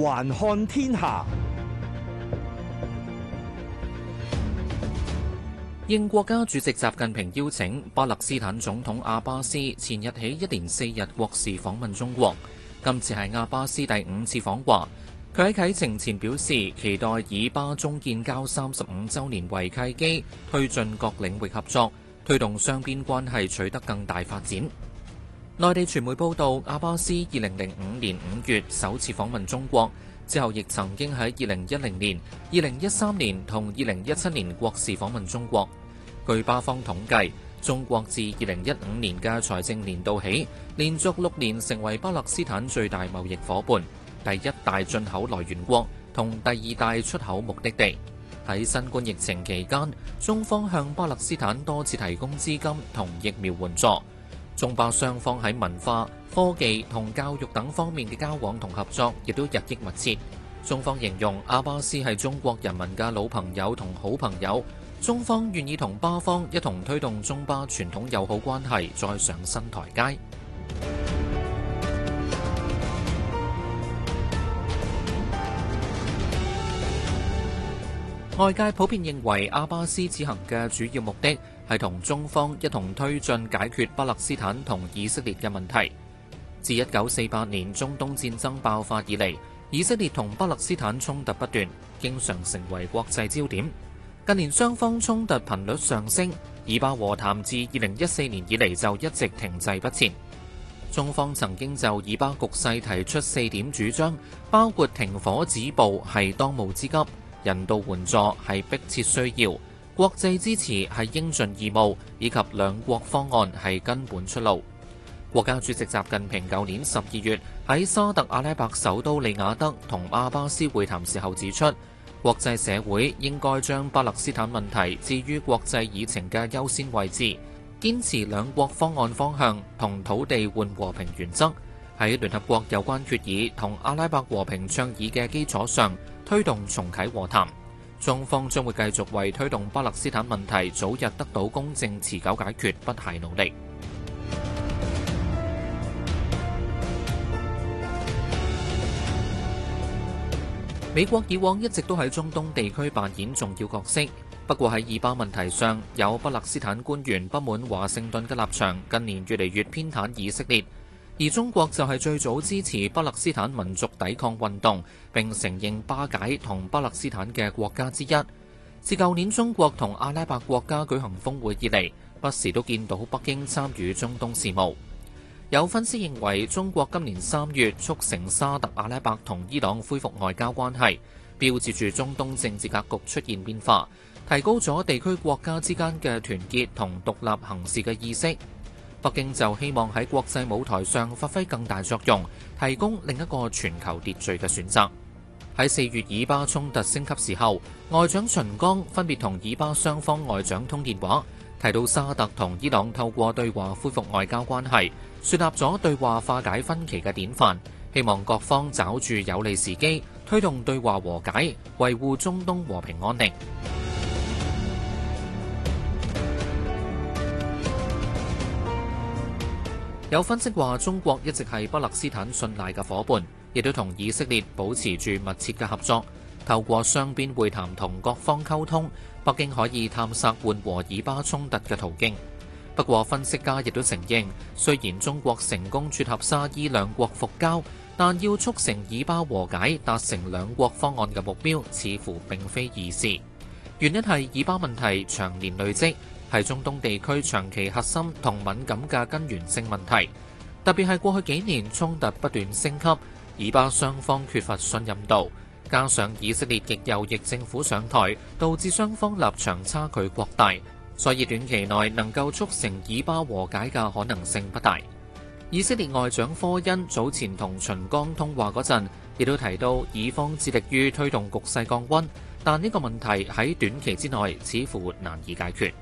環看天下。應國家主席習近平邀請，巴勒斯坦總統阿巴斯前日起一連四日國事訪問中國。今次係阿巴斯第五次訪華。佢喺啟程前表示，期待以巴中建交三十五周年為契機，推進各領域合作，推動雙邊關係取得更大發展。內地傳媒報道，阿巴斯二零零五年五月首次訪問中國，之後亦曾經喺二零一零年、二零一三年同二零一七年國事訪問中國。據巴方統計，中國自二零一五年嘅財政年度起，連續六年成為巴勒斯坦最大貿易夥伴、第一大進口來源國同第二大出口目的地。喺新冠疫情期間，中方向巴勒斯坦多次提供資金同疫苗援助。中巴雙方喺文化科技同教育等方面嘅交往同合作亦都日益密切，中方形容阿巴斯係中國人民嘅老朋友同好朋友，中方願意同巴方一同推動中巴傳統友好關係再上新台階。外界普遍認為阿巴斯此行嘅主要目的係同中方一同推進解決巴勒斯坦同以色列嘅問題。自一九四八年中東戰爭爆發以嚟，以色列同巴勒斯坦衝突不斷，經常成為國際焦點。近年雙方衝突頻率上升，以巴和談自二零一四年以嚟就一直停滯不前。中方曾經就以巴局勢提出四點主張，包括停火止暴，係當務之急。.人道援助係迫切需要，國際支持係應盡義務，以及兩國方案係根本出路。國家主席習近平舊年十二月喺沙特阿拉伯首都利雅德同阿巴斯會談時候，指出，國際社會應該將巴勒斯坦問題置於國際議程嘅優先位置，堅持兩國方案方向同土地換和平原則，喺聯合國有關決議同阿拉伯和平倡議嘅基礎上。推動重啟和談，中方將會繼續為推動巴勒斯坦問題早日得到公正持久解決不懈努力。美國以往一直都喺中東地區扮演重要角色，不過喺以巴問題上，有巴勒斯坦官員不滿華盛頓嘅立場，近年越嚟越偏袒以色列。而中國就係最早支持巴勒斯坦民族抵抗運動，並承認巴解同巴勒斯坦嘅國家之一。自舊年中國同阿拉伯國家舉行峰會以嚟，不時都見到北京參與中東事務。有分析認為，中國今年三月促成沙特阿拉伯同伊朗恢復外交關係，標誌住中東政治格局出現變化，提高咗地區國家之間嘅團結同獨立行事嘅意識。北京就希望喺國際舞台上發揮更大作用，提供另一個全球秩序嘅選擇。喺四月以巴衝突升級時候，外長秦剛分別同以巴雙方外長通電話，提到沙特同伊朗透過對話恢復外交關係，樹立咗對話化解分歧嘅典範，希望各方抓住有利時機，推動對話和解，維護中東和平安定。有分析話，中國一直係巴勒斯坦信賴嘅伙伴，亦都同以色列保持住密切嘅合作。透過雙邊會談同各方溝通，北京可以探索緩和以巴衝突嘅途徑。不過，分析家亦都承認，雖然中國成功撮合沙伊兩國復交，但要促成以巴和解、達成兩國方案嘅目標，似乎並非易事。原因係以巴問題長年累積。係中東地區長期核心同敏感嘅根源性問題，特別係過去幾年衝突不斷升級，以巴雙方缺乏信任度，加上以色列極右翼政府上台，導致雙方立場差距擴大，所以短期內能夠促成以巴和解嘅可能性不大。以色列外長科恩早前同秦剛通話嗰陣，亦都提到以方致力於推動局勢降温，但呢個問題喺短期之內似乎難以解決。